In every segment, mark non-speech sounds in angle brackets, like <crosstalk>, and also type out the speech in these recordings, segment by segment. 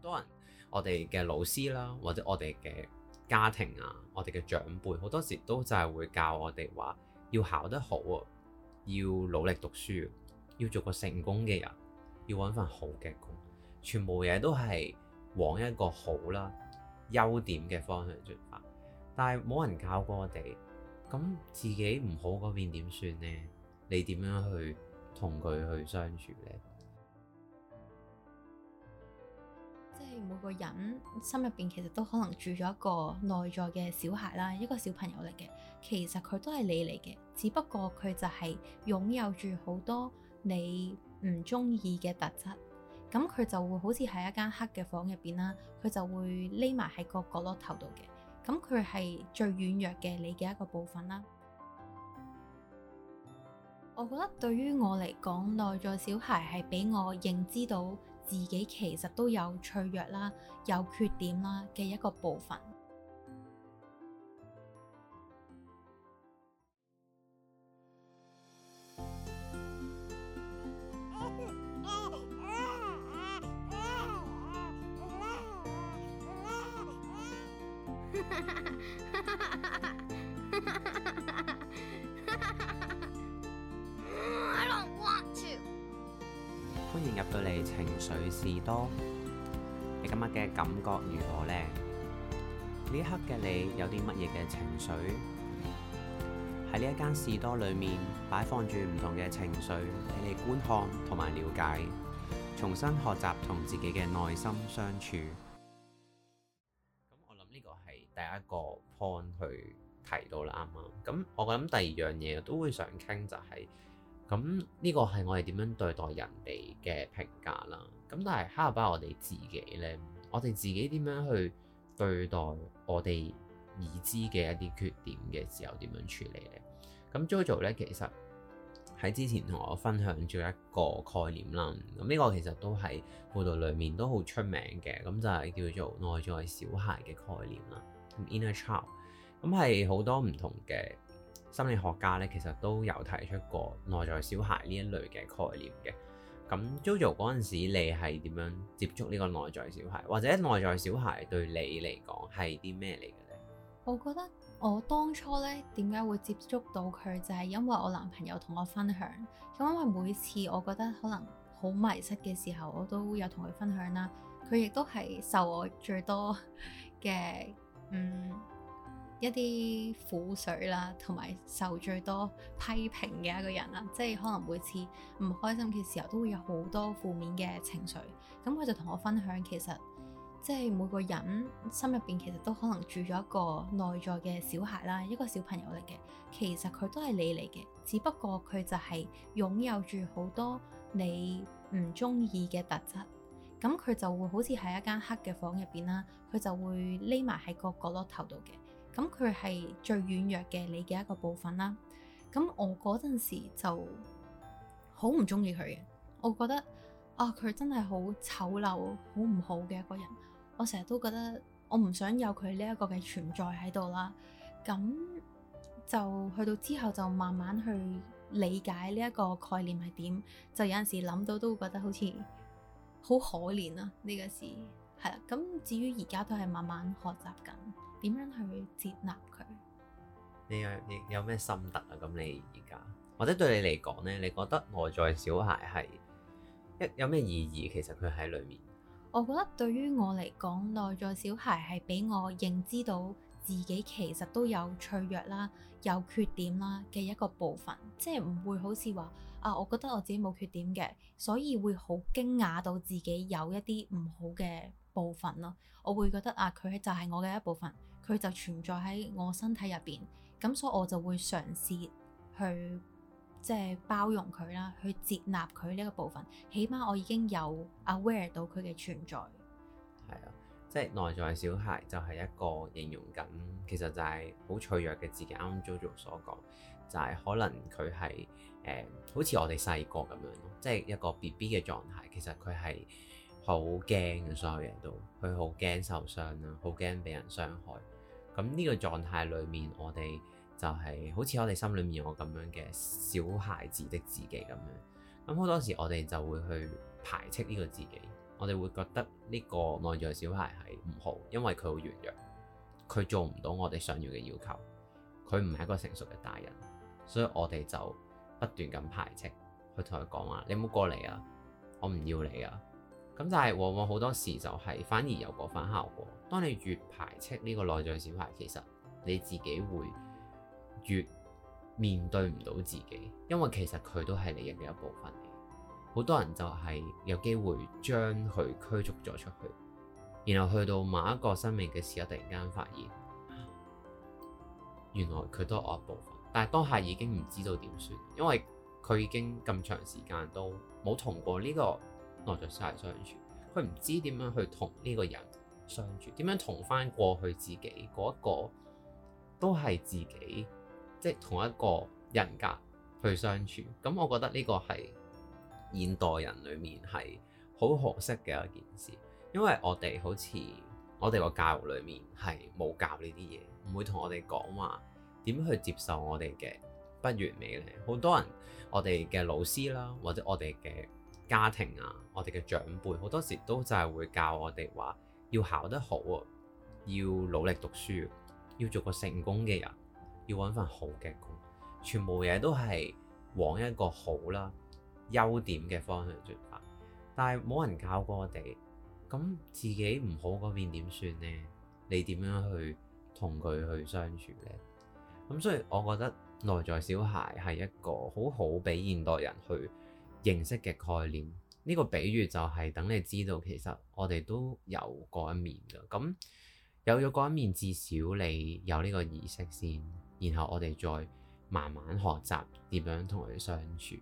多人我哋嘅老師啦，或者我哋嘅家庭啊，我哋嘅長輩好多時都就係會教我哋話要考得好啊，要努力讀書，要做個成功嘅人，要揾份好嘅工，全部嘢都係往一個好啦，優點嘅方向去出發，但係冇人教過我哋，咁自己唔好嗰邊點算咧？你點樣去同佢去相處咧？即係每個人心入邊其實都可能住咗一個內在嘅小孩啦，一個小朋友嚟嘅，其實佢都係你嚟嘅，只不過佢就係擁有住好多你唔中意嘅特質，咁佢就會好似喺一間黑嘅房入邊啦，佢就會匿埋喺個角落頭度嘅，咁佢係最軟弱嘅你嘅一個部分啦。我覺得對於我嚟講，內在小孩係畀我認知到。自己其實都有脆弱啦，有缺點啦嘅一個部分。情緒士多，你今日嘅感覺如何呢？呢刻嘅你有啲乜嘢嘅情緒？喺呢一間士多裏面擺放住唔同嘅情緒，俾你觀看同埋了解，重新學習同自己嘅內心相處。咁我諗呢個係第一個 point 去提到啦，啱唔啱？咁我諗第二樣嘢都會想傾就係、是。咁呢個係我哋點樣對待人哋嘅評價啦。咁但係哈爾巴，我哋自己咧，我哋自己點樣去對待我哋已知嘅一啲缺點嘅時候點樣處理咧？咁 Jojo 咧，其實喺之前同我分享咗一個概念啦。咁呢個其實都係輔導裡面都好出名嘅，咁就係叫做內在小孩嘅概念啦 （inner child）。咁係好多唔同嘅。心理學家咧，其實都有提出過內在小孩呢一類嘅概念嘅。咁 Jojo，嗰陣時你係點樣接觸呢個內在小孩，或者內在小孩對你嚟講係啲咩嚟嘅呢？我覺得我當初呢，點解會接觸到佢，就係因為我男朋友同我分享。咁因為每次我覺得可能好迷失嘅時候，我都有同佢分享啦。佢亦都係受我最多嘅，嗯。一啲苦水啦，同埋受最多批評嘅一個人啦、啊，即係可能每次唔開心嘅時候都會有好多負面嘅情緒。咁佢就同我分享，其實即係每個人心入邊其實都可能住咗一個內在嘅小孩啦，一個小朋友嚟嘅。其實佢都係你嚟嘅，只不過佢就係擁有住好多你唔中意嘅特質。咁佢就會好似喺一間黑嘅房入邊啦，佢就會匿埋喺個角落頭度嘅。咁佢係最軟弱嘅你嘅一個部分啦。咁我嗰陣時就好唔中意佢嘅，我覺得啊佢真係好醜陋、好唔好嘅一個人。我成日都覺得我唔想有佢呢一個嘅存在喺度啦。咁就去到之後就慢慢去理解呢一個概念係點。就有陣時諗到都會覺得好似好可憐啊呢個事。係啦。咁至於而家都係慢慢學習緊。點樣去接納佢？你有你有咩心得啊？咁你而家或者對你嚟講呢，你覺得內在小孩係有咩意義？其實佢喺裏面。我覺得對於我嚟講，內在小孩係俾我認知到自己其實都有脆弱啦、有缺點啦嘅一個部分，即係唔會好似話啊，我覺得我自己冇缺點嘅，所以會好驚訝到自己有一啲唔好嘅部分咯。我會覺得啊，佢就係我嘅一部分。佢就存在喺我身體入邊，咁所以我就會嘗試去即係、就是、包容佢啦，去接納佢呢個部分。起碼我已經有 aware 到佢嘅存在。係啊，即係內在小孩就係一個形容緊，其實就係好脆弱嘅自己。啱啱 Jojo 所講就係、是、可能佢係誒，好似我哋細個咁樣咯，即係一個 BB 嘅狀態。其實佢係好驚嘅，所有人都佢好驚受傷啊，好驚俾人傷害。咁呢個狀態裏面，我哋就係好似我哋心裏面我咁樣嘅小孩子的自己咁樣。咁好多時我哋就會去排斥呢個自己，我哋會覺得呢個內在小孩係唔好，因為佢好軟弱，佢做唔到我哋想要嘅要求，佢唔係一個成熟嘅大人，所以我哋就不斷咁排斥，去同佢講話：你唔好過嚟啊，我唔要你啊。咁就係往往好多時就係反而有個反效果。當你越排斥呢個內在小孩，其實你自己會越面對唔到自己，因為其實佢都係你嘅一部分。好多人就係有機會將佢驅逐咗出去，然後去到某一個生命嘅時候，突然間發現原來佢都係我一部分，但係當下已經唔知道點算，因為佢已經咁長時間都冇同過呢、這個。我再先相處，佢唔知點樣去同呢個人相處，點樣同翻過去自己嗰一個都係自己，即係同一個人格去相處。咁我覺得呢個係現代人裡面係好可惜嘅一件事，因為我哋好似我哋個教育裡面係冇教呢啲嘢，唔會同我哋講話點去接受我哋嘅不完美咧。好多人，我哋嘅老師啦，或者我哋嘅。家庭啊，我哋嘅長輩好多時都就係會教我哋話要考得好啊，要努力讀書，要做個成功嘅人，要搵份好嘅工，全部嘢都係往一個好啦、優點嘅方向進發。但係冇人教過我哋，咁自己唔好嗰邊點算呢？你點樣去同佢去相處呢？咁所以我覺得內在小孩係一個好好畀現代人去。認識嘅概念，呢個比喻就係等你知道，其實我哋都有嗰一面㗎。咁有咗嗰一面，至少你有呢個意識先，然後我哋再慢慢學習點樣同佢相處。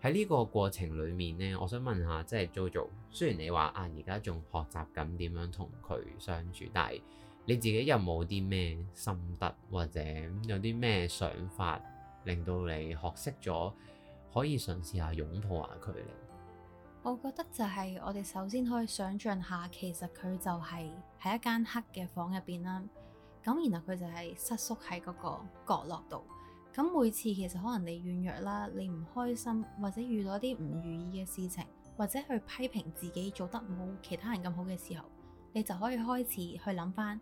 喺呢個過程裡面呢，我想問下，即係 JoJo，雖然你話啊，而家仲學習緊點樣同佢相處，但係你自己有冇啲咩心得或者有啲咩想法，令到你學識咗？可以嘗試下擁抱下佢。我覺得就係我哋首先可以想像下，其實佢就係喺一間黑嘅房入邊啦。咁然後佢就係失縮喺嗰個角落度。咁每次其實可能你軟弱啦，你唔開心，或者遇到啲唔如意嘅事情，或者去批評自己做得冇其他人咁好嘅時候，你就可以開始去諗翻：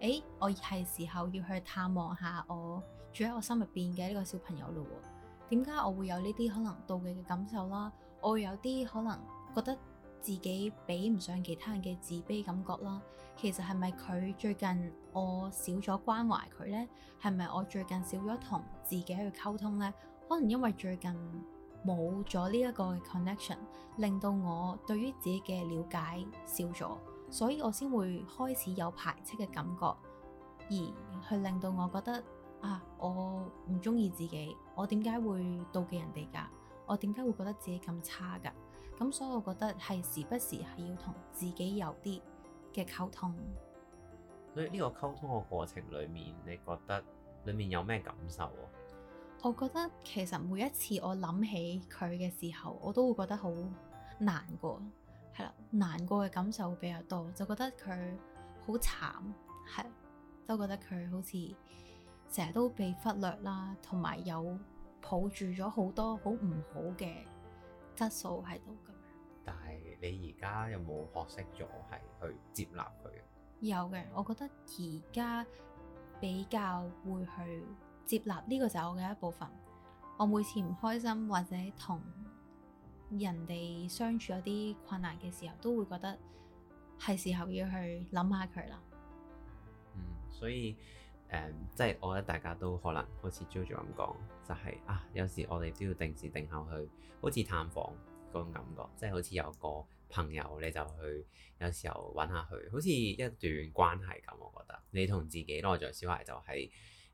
誒、欸，我係時候要去探望下我住喺我心入邊嘅呢個小朋友嘞喎。點解我會有呢啲可能妒忌嘅感受啦？我會有啲可能覺得自己比唔上其他人嘅自卑感覺啦。其實係咪佢最近我少咗關懷佢呢？係咪我最近少咗同自己去溝通呢？可能因為最近冇咗呢一個嘅 connection，令到我對於自己嘅了解少咗，所以我先會開始有排斥嘅感覺，而去令到我覺得。啊！我唔中意自己，我點解會妒忌人哋㗎？我點解會覺得自己咁差㗎？咁所以，我覺得係時不時係要同自己有啲嘅溝通。所以呢個溝通嘅過程裡面，你覺得裡面有咩感受啊？我覺得其實每一次我諗起佢嘅時候，我都會覺得好難過，係啦，難過嘅感受會比較多，就覺得佢好慘，係都覺得佢好似。成日都被忽略啦，同埋有抱住咗好多好唔好嘅質素喺度咁。但係你而家有冇學識咗係去接納佢？有嘅，我覺得而家比較會去接納呢個就係我嘅一部分。我每次唔開心或者同人哋相處有啲困難嘅時候，都會覺得係時候要去諗下佢啦。嗯，所以。嗯、即係我覺得大家都可能好似 Jojo 咁講，就係、是、啊，有時我哋都要定時定候去，好似探訪嗰種感覺，即係好似有個朋友你就去，有時候揾下佢，好似一段關係咁。我覺得你同自己內在小孩就係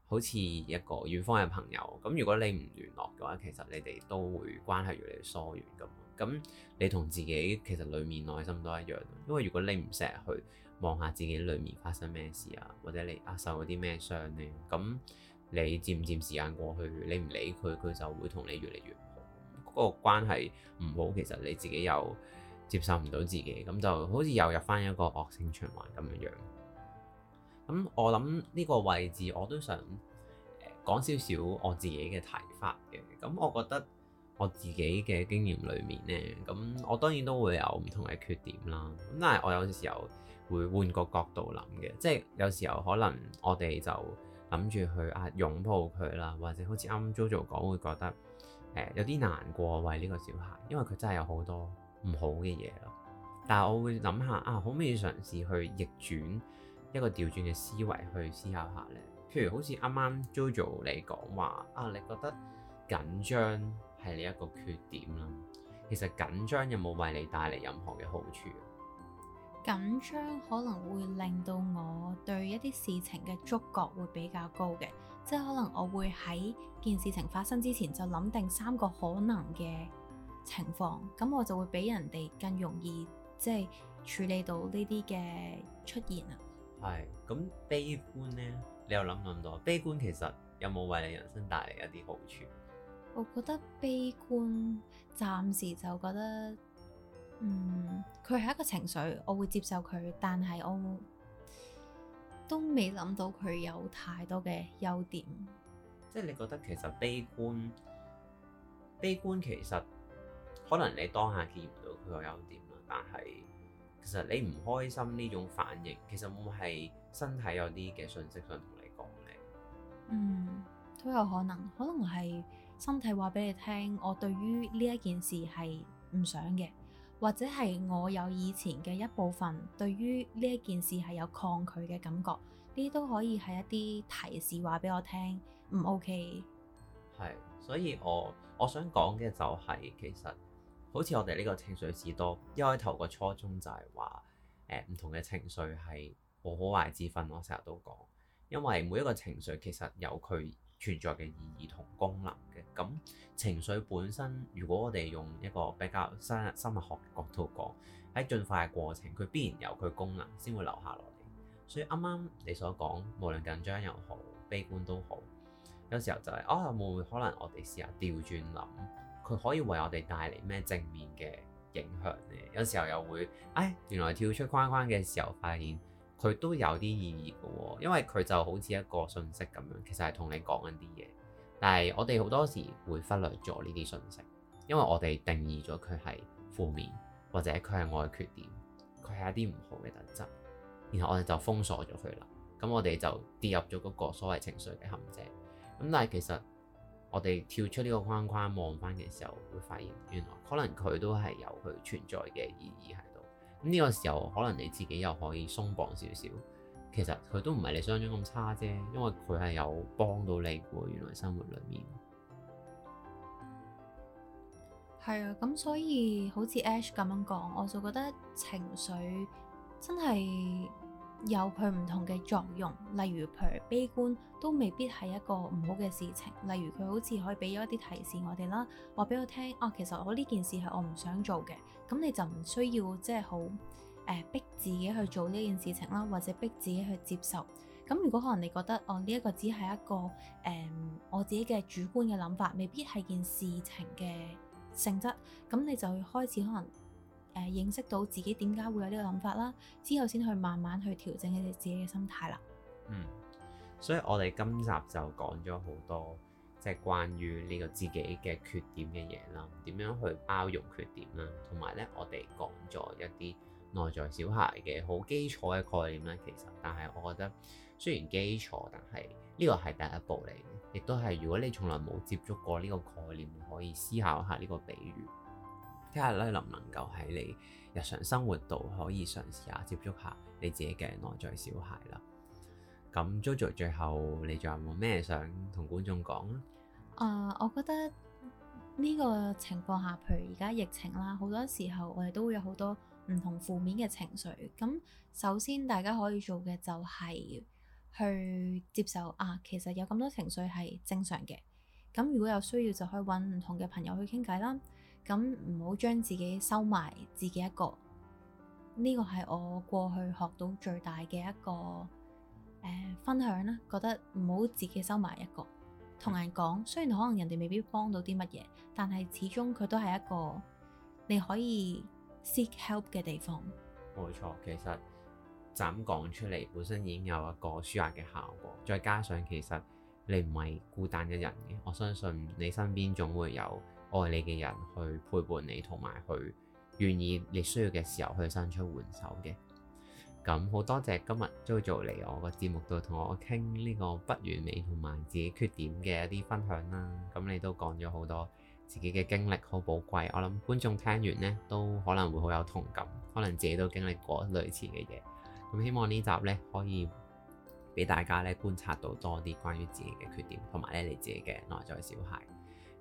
好似一個遠方嘅朋友。咁如果你唔聯絡嘅話，其實你哋都會關係越嚟越疏遠咁。咁你同自己其實裡面內心都一樣，因為如果你唔錫去。望下自己裏面發生咩事啊，或者你啊受咗啲咩傷呢？咁你漸唔漸時間過去，你唔理佢，佢就會同你越嚟越好。嗰個關係唔好，其實你自己又接受唔到自己，咁就好似又入翻一個惡性循環咁樣樣。咁我諗呢個位置我都想誒講少少我自己嘅睇法嘅。咁我覺得我自己嘅經驗裏面呢，咁我當然都會有唔同嘅缺點啦。咁但係我有時候～會換個角度諗嘅，即係有時候可能我哋就諗住去啊擁抱佢啦，或者好似啱 JoJo 講會覺得誒、呃、有啲難過為呢個小孩，因為佢真係有好多唔好嘅嘢咯。但係我會諗下啊，可唔可以嘗試去逆轉一個調轉嘅思維去思考下呢？譬如好似啱啱 JoJo 你講話啊，你覺得緊張係你一個缺點啦，其實緊張有冇為你帶嚟任何嘅好處？緊張可能會令到我對一啲事情嘅觸覺會比較高嘅，即係可能我會喺件事情發生之前就諗定三個可能嘅情況，咁我就會比人哋更容易即係處理到呢啲嘅出現啊。係，咁悲觀呢？你又諗諗多，悲觀其實有冇為你人生帶嚟一啲好處？我覺得悲觀暫時就覺得。嗯，佢係一個情緒，我會接受佢，但係我都未諗到佢有太多嘅優點。即係你覺得其實悲觀，悲觀其實可能你當下見唔到佢個優點啦。但係其實你唔開心呢種反應，其實會唔會係身體有啲嘅訊息想同你講咧？嗯，都有可能，可能係身體話俾你聽，我對於呢一件事係唔想嘅。或者係我有以前嘅一部分，對於呢一件事係有抗拒嘅感覺，呢都可以係一啲提示話俾我聽，唔 OK。係，所以我我想講嘅就係、是、其實好似我哋呢個情緒士多一開頭個初衷就係話誒，唔同嘅情緒係無好壞之分，我成日都講，因為每一個情緒其實有佢。存在嘅意義同功能嘅，咁情緒本身，如果我哋用一個比較生生物學嘅角度講，喺進化嘅過程，佢必然有佢功能先會留下落嚟。所以啱啱你所講，無論緊張又好，悲觀都好，有時候就係、是，哦，會唔會可能我哋試下調轉諗，佢可以為我哋帶嚟咩正面嘅影響呢？有時候又會，唉、哎，原來跳出框框嘅時候發現。佢都有啲意義嘅喎，因為佢就好似一個信息咁樣，其實係同你講緊啲嘢。但係我哋好多時會忽略咗呢啲信息，因為我哋定義咗佢係負面，或者佢係我嘅缺點，佢係一啲唔好嘅特質，然後我哋就封鎖咗佢啦。咁我哋就跌入咗嗰個所謂情緒嘅陷阱。咁但係其實我哋跳出呢個框框望返嘅時候，會發現原來可能佢都係有佢存在嘅意義係。呢個時候，可能你自己又可以鬆綁少少。其實佢都唔係你想象中咁差啫，因為佢係有幫到你嘅喎。原來生活裏面，係啊，咁、 <noise> 嗯、所以好似 Ash 咁樣講，我就覺得情緒真係～有佢唔同嘅作用，例如譬如悲觀都未必係一個唔好嘅事情。例如佢好似可以俾咗一啲提示我哋啦，話俾我聽哦，其實我呢件事係我唔想做嘅，咁你就唔需要即係好逼自己去做呢件事情啦，或者逼自己去接受。咁如果可能你覺得哦呢、這個、一個只係一個誒我自己嘅主觀嘅諗法，未必係件事情嘅性質，咁你就會開始可能。誒認識到自己點解會有呢個諗法啦，之後先去慢慢去調整佢哋自己嘅心態啦。嗯，所以我哋今集就講咗好多即係、就是、關於呢個自己嘅缺點嘅嘢啦，點樣去包容缺點啦，同埋咧我哋講咗一啲內在小孩嘅好基礎嘅概念咧，其實，但係我覺得雖然基礎，但係呢個係第一步嚟嘅，亦都係如果你從來冇接觸過呢個概念，可以思考下呢個比喻。今日咧能唔能夠喺你日常生活度可以嘗試下接觸下你自己嘅內在小孩啦。咁 JoJo，最後你仲有冇咩想同觀眾講咧？呃，我覺得呢個情況下，譬如而家疫情啦，好多時候我哋都會有好多唔同負面嘅情緒。咁首先大家可以做嘅就係去接受啊，其實有咁多情緒係正常嘅。咁如果有需要，就可以揾唔同嘅朋友去傾偈啦。咁唔好將自己收埋，自己一個。呢個係我過去學到最大嘅一個誒、呃、分享啦。覺得唔好自己收埋一個，同人講。雖然可能人哋未必幫到啲乜嘢，但係始終佢都係一個你可以 seek help 嘅地方。冇錯，其實就咁講出嚟，本身已經有一個舒壓嘅效果。再加上其實你唔係孤單一人嘅，我相信你身邊總會有。愛你嘅人去陪伴你，同埋去願意你需要嘅時候去伸出援手嘅。咁好多謝今日 Jojo 嚟我個節目度同我傾呢個不完美同埋自己缺點嘅一啲分享啦。咁你都講咗好多自己嘅經歷，好寶貴。我諗觀眾聽完呢，都可能會好有同感，可能自己都經歷過類似嘅嘢。咁希望呢集呢，可以俾大家咧觀察到多啲關於自己嘅缺點，同埋咧你自己嘅內在小孩。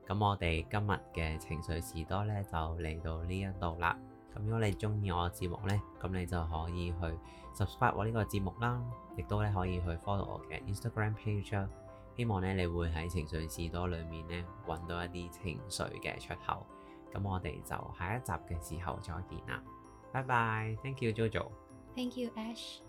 咁我哋今日嘅情緒士多咧就嚟到呢一度啦。咁如果你中意我嘅節目呢，咁你就可以去 subscribe 我呢個節目啦。亦都咧可以去 follow 我嘅 Instagram page。希望咧你會喺情緒士多裏面呢，揾到一啲情緒嘅出口。咁我哋就下一集嘅時候再見啦。拜拜。Thank you，Jojo。Thank you，Ash。